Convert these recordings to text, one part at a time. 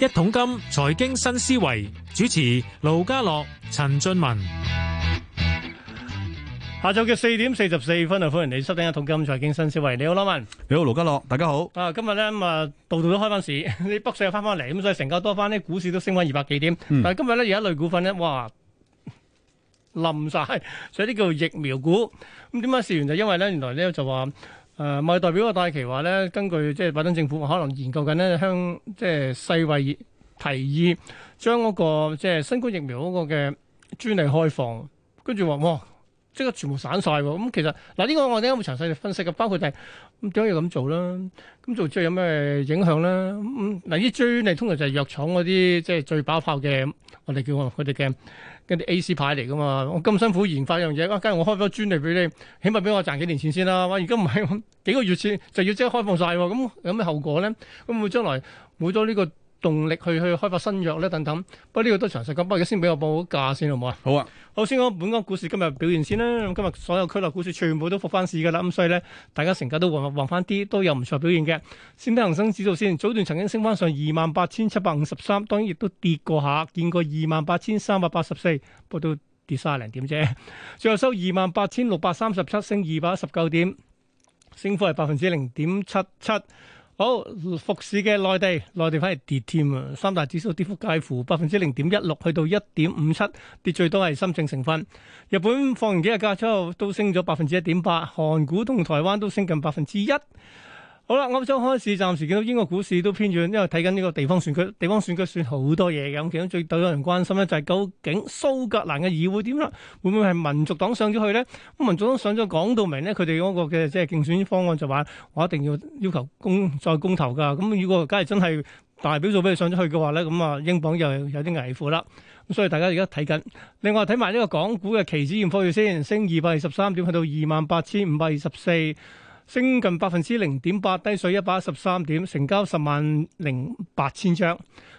一桶金財經新思維主持盧家樂、陳俊文，下晝嘅四點四十四分啊，歡迎你收聽一桶金財經新思維。你好，羅文，你好，盧家樂，大家好。啊，今日咧咁啊，度度都開翻市，你北水又翻翻嚟，咁所以成交多翻咧，股市都升翻二百幾點。但係今日咧有一類股份咧，哇，冧晒，所以呢叫疫苗股。咁點解事完就因為咧，原來呢，就話。誒，貿、呃、代表嘅戴琪話咧，根據即係拜登政府可能研究緊咧，向即係世衞提議將嗰個即係新冠疫苗嗰個嘅專利開放，跟住話哇，即刻全部散晒喎。咁、嗯、其實嗱，呢、呃這個我哋今日會詳細地分析嘅，包括就係。點解要咁做啦，咁做之後有咩影響咧？嗱、嗯，啲專利通常就係藥廠嗰啲即係最爆炮嘅，我哋叫我佢哋嘅嗰啲 A C 牌嚟噶嘛，我咁辛苦研發一樣嘢，哇、啊！今日我開翻專利俾你，起碼俾我賺幾年錢先啦、啊。哇！而家唔係幾個月前，就要即刻開放曬，咁、啊、有咩後果咧？咁會將來冇咗呢個。動力去去開發新藥咧等等，不過呢個都詳細咁，不過而家先俾我報好價先好唔好啊？好啊，好先講本港股市今日表現先啦。咁今日所有區內股市全部都復翻市噶啦，咁所以咧，大家成交都旺旺翻啲，都有唔錯表現嘅。先睇恒生指數先，早段曾經升翻上二萬八千七百五十三，當然亦都跌過下，見過二萬八千三百八十四，不過都跌卅零點啫。最後收二萬八千六百三十七，升二百一十九點，升幅係百分之零點七七。好，復市嘅內地，內地反而跌添啊！三大指數跌幅介乎百分之零點一六，去到一點五七，跌最多係深證成分。日本放完幾日假之後，都升咗百分之一點八，韓股同台灣都升近百分之一。好啦，我哋將開市，暫時見到英國股市都偏軟，因為睇緊呢個地方選舉，地方選舉算好多嘢嘅，咁。其中最多人關心咧，就係究竟蘇格蘭嘅議會點啦？會唔會係民族黨上咗去咧？咁民族黨上咗講到明咧，佢哋嗰個嘅即係競選方案就話，我一定要要求公再公投噶。咁如果，假如真係大表數俾佢上咗去嘅話咧，咁啊，英鎊又有啲危乎啦。咁所以大家而家睇緊，另外睇埋呢個港股嘅期指現貨先，升二百二十三點，去到二萬八千五百二十四。升近百分之零點八，低水一百一十三點，成交十萬零八千張。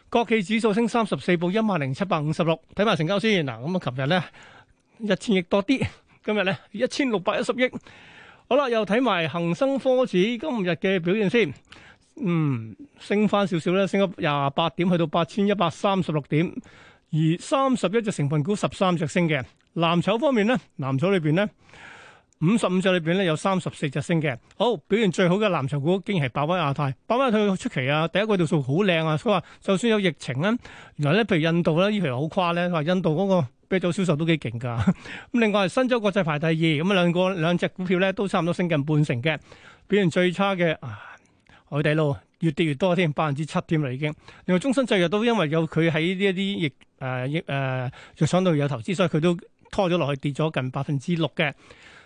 國企指數升三十四，報一萬零七百五十六。睇埋成交先嗱，咁啊，琴日呢一千億多啲，今日呢一千六百一十億。好啦，又睇埋恒生科指今日嘅表現先。嗯，升翻少少咧，升咗廿八點，去到八千一百三十六點。而三十一隻成分股，十三隻升嘅。藍籌方面呢，藍籌裏邊呢。五十五隻裏邊咧，有三十四隻升嘅。好表現最好嘅藍籌股竟然係百威亞太，百威亞太出奇啊！第一季度數好靚啊。佢話就算有疫情啊，原來咧，譬如印度咧，呢條好誇咧，話印度嗰個啤酒銷售都幾勁噶。咁 另外係新洲國際排第二，咁兩個兩隻股票咧都差唔多升近半成嘅。表現最差嘅、啊，海底撈越跌越多添，百分之七添啦已經。另外，中生製藥都因為有佢喺呢一啲疫誒疫誒，藥廠度有投資，所以佢都拖咗落去，跌咗近百分之六嘅。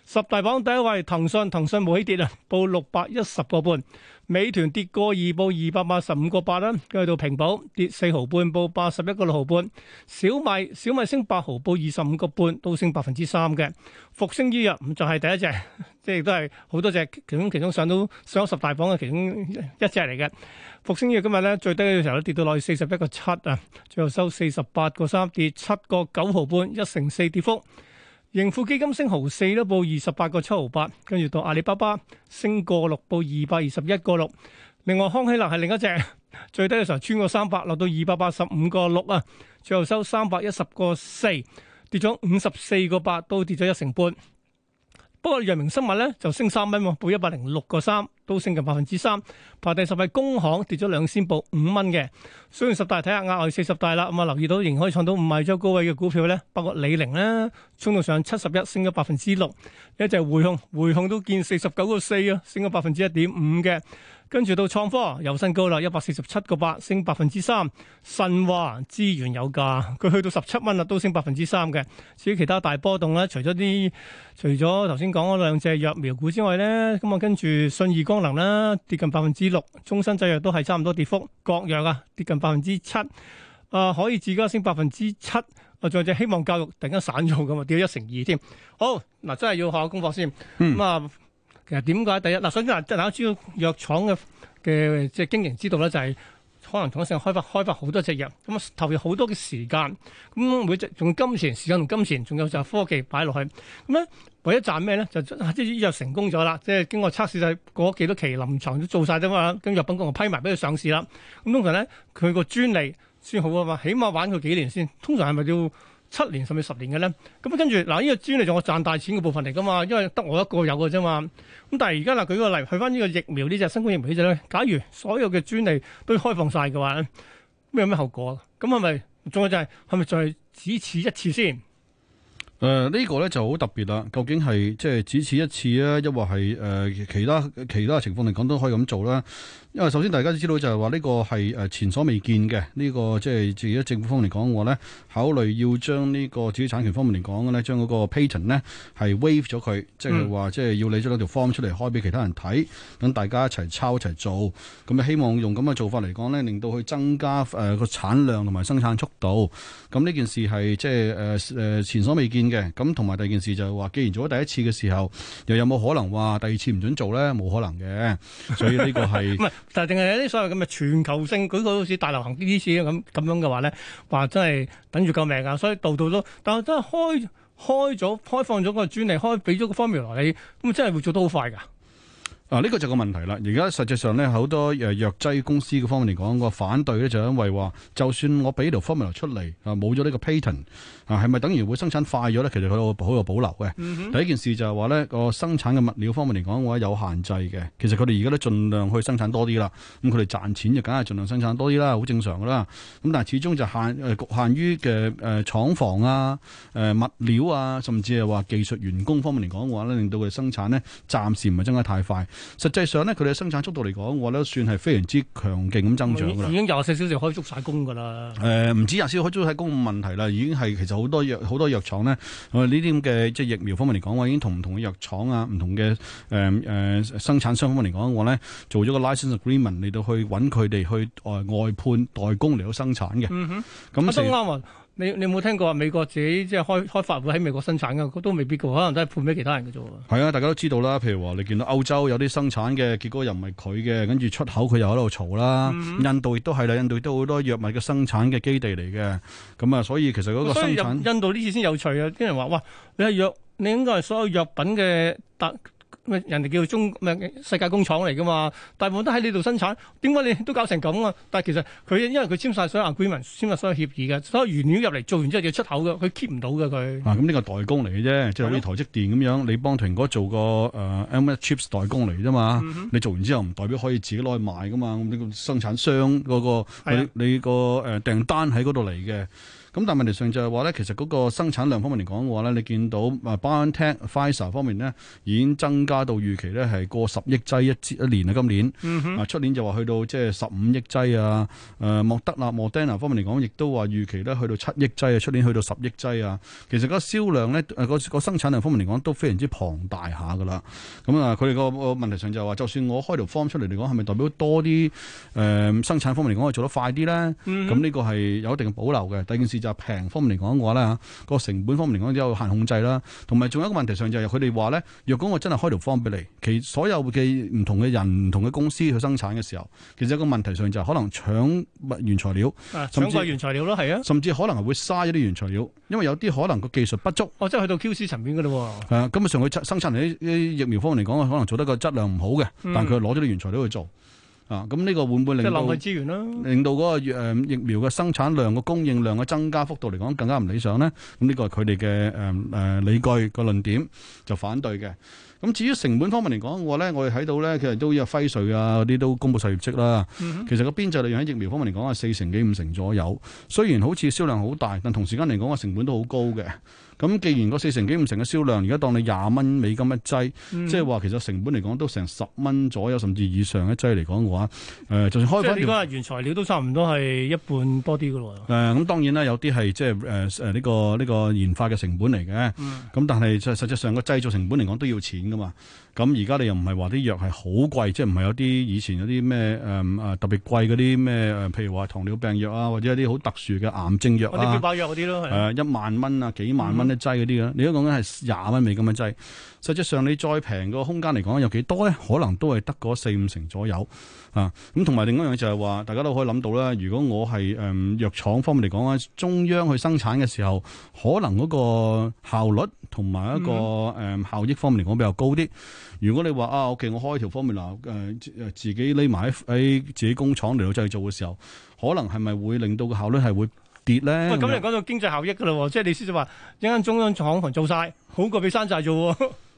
十大榜第一位騰訊，騰訊冇起跌啊，報六百一十個半。美團跌過二，報二百八十五個八啦，繼續到平保，跌四毫半，報八十一個六毫半。小米小米升八毫，報二十五個半，都升百分之三嘅。復星醫藥唔再係第一隻，即係亦都係好多隻，其中其中上到上咗十大榜嘅其中一隻嚟嘅。復星醫藥今日咧最低嘅時候咧跌到落去四十一個七啊，最後收四十八個三，跌七個九毫半，一成四跌幅。盈富基金升毫四都報二十八個七毫八，跟住，到阿里巴巴升個六，報二百二十一個六。另外康希諾係另一隻，最低嘅時候穿過三百，落到二百八十五個六啊，最後收三百一十個四，跌咗五十四個八，都跌咗一成半。不過藥明生物咧，就升三蚊喎，報一百零六個三，都升近百分之三。排第十位工行跌咗兩仙，報五蚊嘅。所以十大睇下，額外四十大啦。咁啊，留意到仍然可以創到五十二周高位嘅股票咧，包括李寧咧，衝到上七十一，升咗百分之六。呢一隻匯控，匯控都見四十九個四啊，升咗百分之一點五嘅。跟住到創科又升高啦，一百四十七個八，升百分之三。神華資源有價，佢去到十七蚊啦，都升百分之三嘅。至於其他大波動咧，除咗啲，除咗頭先講嗰兩隻疫苗股之外咧，咁啊跟住信義光能啦，跌近百分之六，中生製藥都係差唔多跌幅，國藥啊跌近百分之七，啊、呃、可以自家升百分之七，啊仲有隻希望教育突然間散咗咁啊，跌一成二添。好嗱，真係要下下功課先咁啊。嗯其實點解第一嗱？首先即大家知道啲藥廠嘅嘅即係經營之道咧，就係可能同一性開發開發好多隻藥，咁投入好多嘅時間，咁每隻用金錢、時間同金錢，仲有就係科技擺落去。咁、嗯、咧，為咗賺咩咧？就即係藥成功咗啦，即係經過測試就過幾多期臨牀都做晒啫嘛。跟藥品局又批埋俾佢上市啦。咁、嗯、通常咧，佢個專利先好啊嘛，起碼玩佢幾年先。通常係咪要？七年甚至十年嘅咧，咁跟住嗱呢個專利就我賺大錢嘅部分嚟噶嘛，因為得我一個有嘅啫嘛。咁但係而家嗱舉個例，去翻呢個疫苗呢隻新冠疫苗起隻咧，假如所有嘅專利都開放晒嘅話，咩有咩後果？咁係咪仲有就係係咪就係只此一次先？誒、呃，這個、呢個咧就好特別啦。究竟係即係只此一次啊，抑或係誒其他其他嘅情況嚟講都可以咁做啦。因為首先大家都知道就係話呢個係誒前所未見嘅呢、呢個即係至於政府方面嚟講嘅話咧，考慮要將呢個自主產權方面嚟講嘅咧，將嗰個 patent 咧係 waive 咗佢，嗯、即係話即係要你將兩條 form 出嚟開俾其他人睇，等大家一齊抄一齊做，咁就希望用咁嘅做法嚟講咧，令到佢增加誒個、呃、產量同埋生產速度。咁呢件事係即係誒誒前所未見嘅。咁同埋第二件事就係話，既然做咗第一次嘅時候，又有冇可能話第二次唔准做咧？冇可能嘅。所以呢個係。 但係定係有啲所謂咁嘅全球性舉個好似大流行啲事咁咁樣嘅話咧，話，真係等住救命啊！所以度度都，但係真係開開咗開放咗個專利，開俾咗個 formula 你，咁真係會做得好快噶。啊！呢、這個就個問題啦。而家實際上咧，好多誒藥、呃、劑公司嘅方面嚟講，個反對咧就是、因為話，就算我俾條 formula 出嚟，啊冇咗呢個 patent，啊係咪等於會生產快咗咧？其實佢有好有保留嘅。嗯、哼第一件事就係話咧，個生產嘅物料方面嚟講嘅話有限制嘅。其實佢哋而家都盡量去生產多啲啦。咁佢哋賺錢就梗係盡量生產多啲啦，好正常㗎啦。咁但係始終就限誒局、呃、限於嘅誒廠房啊、誒、呃呃呃、物料啊，甚至係話技術員工方面嚟講嘅話咧，令到佢哋生產咧暫時唔係增加太快。啊實際上咧，佢哋生產速度嚟講，我覺得算係非常之強勁咁增長噶啦，呃。已經廿四小時開足晒工噶啦。誒，唔止廿四小時開足晒工嘅問題啦，已經係其實好多藥好多藥廠咧，誒呢啲咁嘅即係疫苗方面嚟講，我已經同唔同嘅藥廠啊，唔同嘅誒誒生產商方面嚟講，我咧做咗個 license agreement 嚟到去搵佢哋去外外判代工嚟到生產嘅。咁、嗯哼。時你你有冇聽過美國自己即係開開發會喺美國生產噶都未必噶可能都係判俾其他人嘅啫。係啊，大家都知道啦。譬如話你見到歐洲有啲生產嘅，結果又唔係佢嘅，跟住出口佢又喺、嗯、度嘈啦。印度亦都係啦，印度都好多藥物嘅生產嘅基地嚟嘅。咁啊，所以其實嗰個生產印度呢次先有趣啊！啲人話哇，你係藥，你應該係所有藥品嘅特。人哋叫做中世界工廠嚟噶嘛，大部分都喺呢度生產，點解你都搞成咁啊？但係其實佢因為佢簽晒所有 agreement，簽晒所有協議嘅，所有原料入嚟做完之後要出口嘅，佢 keep 唔到嘅佢。啊，咁呢個代工嚟嘅啫，即係好似台積電咁樣，的你幫蘋果做個誒、呃、M1 chips 代工嚟啫嘛，嗯、哼你做完之後唔代表可以自己攞去賣噶嘛，咁、那、你個生產商嗰、那個你、那個、的你個誒、呃、訂單喺嗰度嚟嘅。咁但係問題上就係話咧，其實嗰個生產量方面嚟講嘅話咧，你見到啊，BioNTech、Pfizer 方面咧已經增加到預期咧係過十億劑一一年啊。今年。嗯、哼啊，出年就話去到即係十五億劑啊！誒、啊，莫德納、莫丁納方面嚟講，亦都話預期咧去到七億劑啊，出年去到十億劑啊。其實嗰個銷量咧，誒、啊，嗰、那個生產量方面嚟講都非常之龐大下㗎啦。咁啊，佢哋個個問題上就係話，就算我開條方出嚟嚟講，係咪代表多啲誒、呃、生產方面嚟講可以做得快啲咧？咁呢、嗯哼嗯、個係有一定嘅保留嘅。第二件事。就平方面嚟講嘅話咧，個成本方面嚟講就有限控制啦。同埋仲有一個問題上就係佢哋話咧，若果我真係開條方俾你，其所有嘅唔同嘅人、唔同嘅公司去生產嘅時候，其實一個問題上就係可能搶原材料，啊、甚至搶個原材料咯，係啊，甚至可能係會嘥一啲原材料，因為有啲可能個技術不足。哦，即係去到 QC 層面嘅嘞喎。啊，根本上佢生生產嚟啲疫苗方面嚟講，可能做得個質量唔好嘅，但佢攞咗啲原材料去做。嗯啊！咁呢個會唔會令到，即係浪費資源啦。令到嗰個誒疫苗嘅生產量、個供應量嘅增加幅度嚟講，更加唔理想咧。咁呢個係佢哋嘅誒誒理據個論點就反對嘅。咁至於成本方面嚟講，嘅話咧我哋睇到咧，其實都有輝瑞啊，嗰啲都公布曬業績啦。其實個邊際利潤喺疫苗方面嚟講係四成幾五成左右。雖然好似銷量好大，但同時間嚟講個成本都好高嘅。咁既然個四成幾五成嘅銷量，而家當你廿蚊美金一劑，即係話其實成本嚟講都成十蚊左右甚至以上一劑嚟講嘅話，誒，就算開翻條，即係你原材料都差唔多係一半多啲嘅喎。誒，咁當然啦，有啲係即係誒誒呢個呢個研發嘅成本嚟嘅。咁但係實際上個製造成本嚟講都要錢㗎嘛。咁而家你又唔係話啲藥係好貴，即係唔係有啲以前有啲咩誒誒特別貴嗰啲咩，譬如話糖尿病藥啊，或者一啲好特殊嘅癌症藥啊，啲吊包藥嗰啲咯。誒，一萬蚊啊，幾萬蚊。劑啲啦，你都講緊係廿蚊美金嘅劑，實際上你再平個空間嚟講，有幾多咧？可能都係得嗰四五成左右啊。咁同埋另外一樣嘢就係話，大家都可以諗到啦。如果我係誒藥廠方面嚟講咧，中央去生產嘅時候，可能嗰個效率同埋一個誒、嗯、效益方面嚟講比較高啲。如果你話啊，OK，我開條方面流誒自己匿埋喺自己工廠嚟到製造嘅時候，可能係咪會令到個效率係會？跌咧，咁你講到經濟效益噶啦，就是、即係你意思就話一間中央廠房做晒，好過俾山寨做。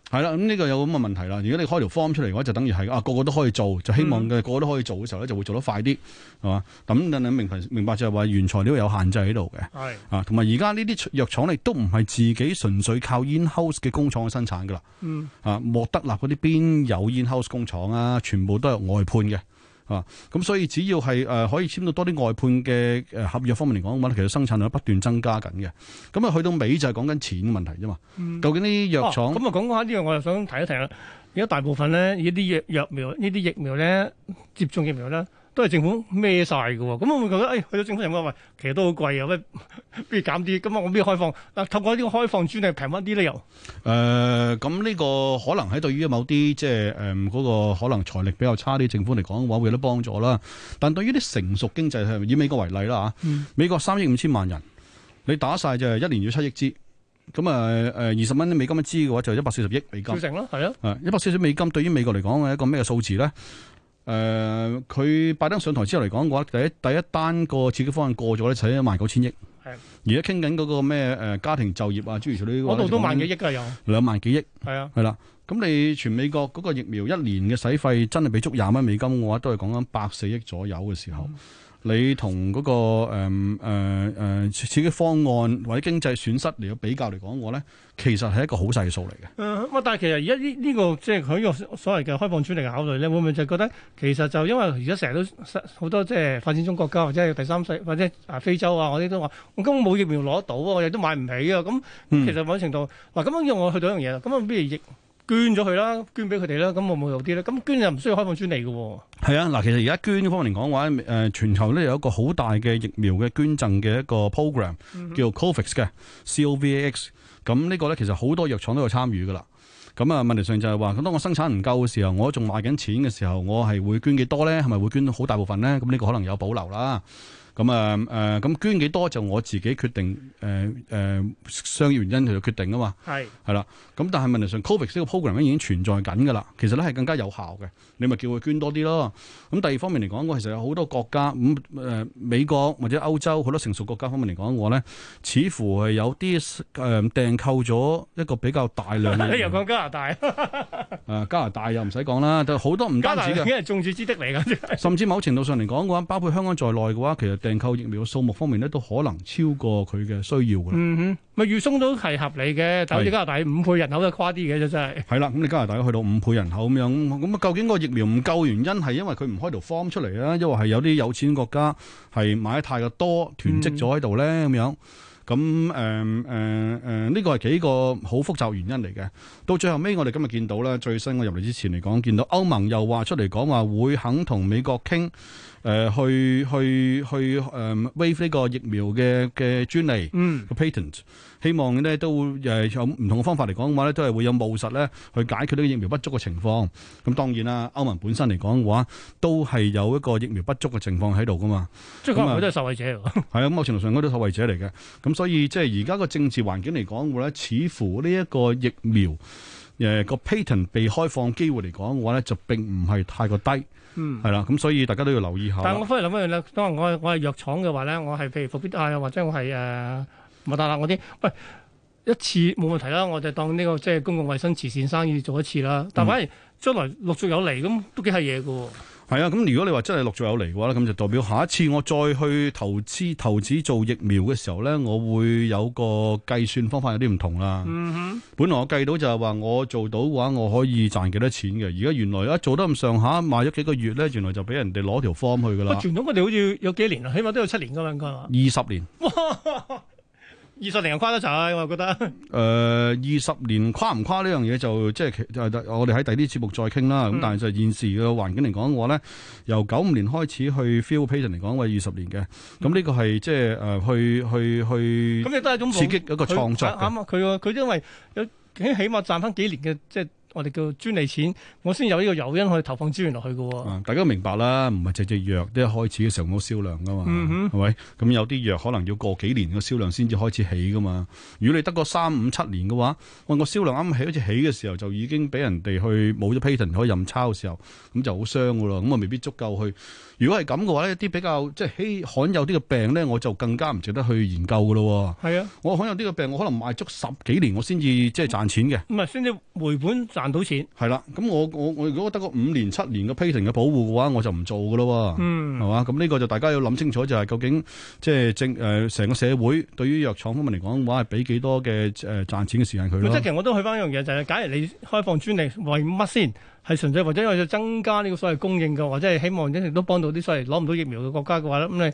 係啦、 嗯，咁呢個有咁嘅問題啦。如果你開條方出嚟嘅話，就等於係啊，個個都可以做，就希望嘅個個都可以做嘅時候咧，就會做得快啲，係嘛？咁等等明唔明白就係話原材料有限制喺度嘅，係是啊，同埋而家呢啲藥廠你都唔係自己純粹靠 in-house 嘅工廠去生產噶啦，嗯、啊，莫德納，嗰啲邊有 in-house 工廠啊，全部都係外判嘅。啊，咁所以只要係誒、呃、可以簽到多啲外判嘅誒，合約方面嚟講嘅話，其實生產量不斷增加緊嘅，咁、嗯、啊，去到尾就係講緊錢嘅問題啫嘛。嗯、究竟呢啲藥廠咁啊，講講下呢樣，我又想提一提啦。而家大部分咧，呢啲藥藥苗、呢啲疫苗咧，接種疫苗咧。都係政府孭晒嘅喎，咁我會覺得，誒、哎、去到政府層級，喂，其實都好貴啊，咩，不如減啲，咁啊，我邊度開放？嗱、啊，透過呢個開放專利，平翻啲咧又。誒、呃，咁呢個可能喺對於某啲即係誒嗰個可能財力比較差啲政府嚟講嘅話，會有得幫助啦。但對於啲成熟經濟係，以美國為例啦嚇，啊嗯、美國三億五千萬人，你打晒就係一年要七億支，咁啊誒二十蚊美金一支嘅話，就一百四十億美金。少成咯，係啊。一百四十億美金對於美國嚟講係一個咩數字咧？誒，佢、呃、拜登上台之後嚟講嘅話，第一第一單個刺激方案過咗咧，使係一萬九千億。係的，而家傾緊嗰個咩誒、呃、家庭就業啊，諸如嗰啲嗰度都萬幾億啦，有？兩萬幾億。係啊的，係啦，咁你全美國嗰個疫苗一年嘅使費真係俾足廿蚊美金嘅話，都係講緊百四億左右嘅時候。嗯你同嗰、那個誒誒誒此啲方案或者經濟損失嚟嘅比較嚟講，我咧其實係一個好細數嚟嘅。誒、嗯，咁但係其實而家呢呢個即係佢呢個所謂嘅開放主義考慮咧，會唔會就覺得其實就因為而家成日都好多即係發展中國家或者第三世或者啊非洲啊，嗰啲都話我根本冇疫苗攞到啊，我哋都買唔起啊。咁其實某程度嗱，咁樣用我去到一樣嘢啦。咁啊，譬如疫。捐咗佢啦，捐俾佢哋啦，咁我冇用啲啦。咁捐又唔需要開放專利嘅喎、哦。係啊，嗱，其實而家捐方面嚟講話，誒、呃、全球咧有一個好大嘅疫苗嘅捐贈嘅一個 program、嗯、哼叫 COVAX 嘅，C O V A X。咁呢個咧其實好多藥廠都有參與嘅啦。咁啊問題上就係話，咁當我生產唔夠嘅時候，我仲賣緊錢嘅時候，我係會捐幾多咧？係咪會捐好大部分咧？咁呢個可能有保留啦。咁啊，誒咁、嗯嗯、捐幾多就我自己決定，誒、嗯、誒、嗯，商業原因嚟決定㗎嘛，係係啦。咁但係問題上，Covid 呢個 program 已經存在緊㗎喇，其實咧係更加有效嘅，你咪叫佢捐多啲咯。咁、嗯、第二方面嚟講，我其實有好多國家，咁、嗯、誒美國或者歐洲好多成熟國家方面嚟講，我咧似乎係有啲誒、呃、訂購咗一個比較大量嘅。又講加拿大？ 誒、呃，加拿大又唔使講啦，但好多唔單止嘅，已經係眾矢之的嚟噶。就是、甚至某程度上嚟講嘅話，包括香港在內嘅話，其實訂購疫苗嘅數目方面咧，都可能超過佢嘅需要嘅。嗯哼，咪預鬆都係合理嘅，但好似加拿大五倍人口誇就誇啲嘅啫，真係。係啦，咁你加拿大去到五倍人口咁樣，咁啊究竟個疫苗唔夠原因係因為佢唔開條 form 出嚟咧，因為係有啲有錢國家係買得太過多囤積咗喺度咧，咁樣、嗯。咁誒誒誒，呢個係幾個好複雜原因嚟嘅。到最後尾，我哋今日見到咧，最新我入嚟之前嚟講，見到歐盟又話出嚟講話會肯同美國傾，誒去去去誒 waive 呢個疫苗嘅嘅專利個 patent。希望咧都誒有唔同嘅方法嚟講嘅話咧，都係會有務實咧去解決呢個疫苗不足嘅情況。咁當然啦，歐盟本身嚟講嘅話，都係有一個疫苗不足嘅情況喺度噶嘛。即係可能佢都係受惠者嚟㗎。係啊，咁某程度上都係受惠者嚟嘅。咁所以即係而家個政治環境嚟講嘅話咧，似乎呢一個疫苗誒個 patent 被開放機會嚟講嘅話咧，就並唔係太過低。嗯，係啦。咁所以大家都要留意下。但係我翻嚟諗翻嚟咧，當我我係藥廠嘅話咧，我係譬如復必泰，又或者我係誒。唔得啦！我啲喂一次冇問題啦，我就當呢個即係公共衞生慈善生意做一次啦。但反而將來陸續有嚟，咁都幾係嘢嘅喎。係啊，咁如果你話真係陸續有嚟嘅話咧，咁就代表下一次我再去投資投資做疫苗嘅時候咧，我會有個計算方法有啲唔同啦。嗯哼，本來我計到就係話我做到嘅話，我可以賺幾多錢嘅。而家原來一做得咁上下賣咗幾個月咧，原來就俾人哋攞條方去㗎啦。傳統佢哋好似有幾年啦，起碼都有七年㗎啦，應該嘛？二十年。 二十年又跨得齊，我又覺得。誒，二 十、呃、年跨唔跨呢樣嘢就即係其誒，我哋喺第啲節目再傾啦。咁但係就現時嘅環境嚟講，嘅話咧由九五年開始去 file patent 嚟講，喂，二十年嘅。咁呢個係即係誒，去去去。咁亦都係一種刺激一個創作。咁 啊！佢 That 佢、 uh, 因為有起起碼賺翻幾年嘅即係。 我哋叫專利錢，我先有呢個誘因去投放資源落去嘅喎、哦啊。大家都明白啦，唔係隻隻藥都一開始嘅時候冇銷量噶嘛，係咪、嗯哼？咁有啲藥可能要過幾年嘅銷量先至開始起噶嘛。如果你得個三五七年嘅話，我個銷量啱啱起，開始起嘅時候就已經俾人哋去冇咗 patent 可以任抄嘅時候，咁就好傷噶咯。咁啊，未必足夠去。如果係咁嘅話呢啲比較即係、就是、罕有啲嘅病咧，我就更加唔值得去研究嘅咯。係啊，我罕有啲嘅病，我可能賣足十幾年，我先至即係賺錢嘅。唔係先至回本賺。賺到錢係啦，咁我我我如果得個五年七年嘅批評嘅保護嘅話，我就唔做噶咯。嗯，係嘛，咁呢個就大家要諗清楚就，就係究竟即係正誒，成、呃、個社會對於藥廠方面嚟講，話係俾幾多嘅誒賺錢嘅時間佢咯。即其實我都去翻一樣嘢，就係假如你開放專利，為乜先？係純粹或者因為增加呢個所謂供應嘅，或者係希望一直都幫到啲所謂攞唔到疫苗嘅國家嘅話咧，咁你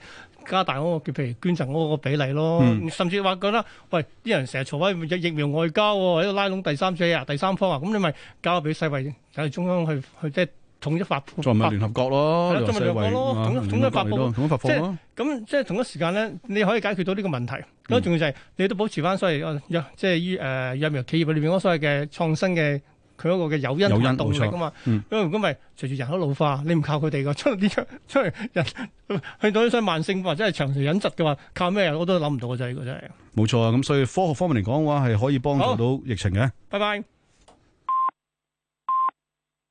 加大嗰個叫譬如捐贈嗰個比例咯，甚至話覺得喂啲人成日嘈啊疫苗外交喎，喺度拉攏第三者啊、第三方啊，咁你咪交俾世衞喺中央去去即係統一發，再咪聯合國咯，聯合國咯，統統一發佈咯，即係咁即係同一時間咧，你可以解決到呢個問題。咁仲要就係你都保持翻所謂藥即係醫誒疫苗企業裏邊嗰所謂嘅創新嘅。佢嗰個嘅有因導出，啊嘛，咁如果咪隨住人口老化，嗯、你唔靠佢哋嘅出啲出出嚟人去到啲衰慢性或者係長期隱疾嘅話，靠咩？人我都諗唔到啊！就係呢個真係冇錯啊！咁所以科學方面嚟講嘅話，係可以幫助到疫情嘅。拜拜。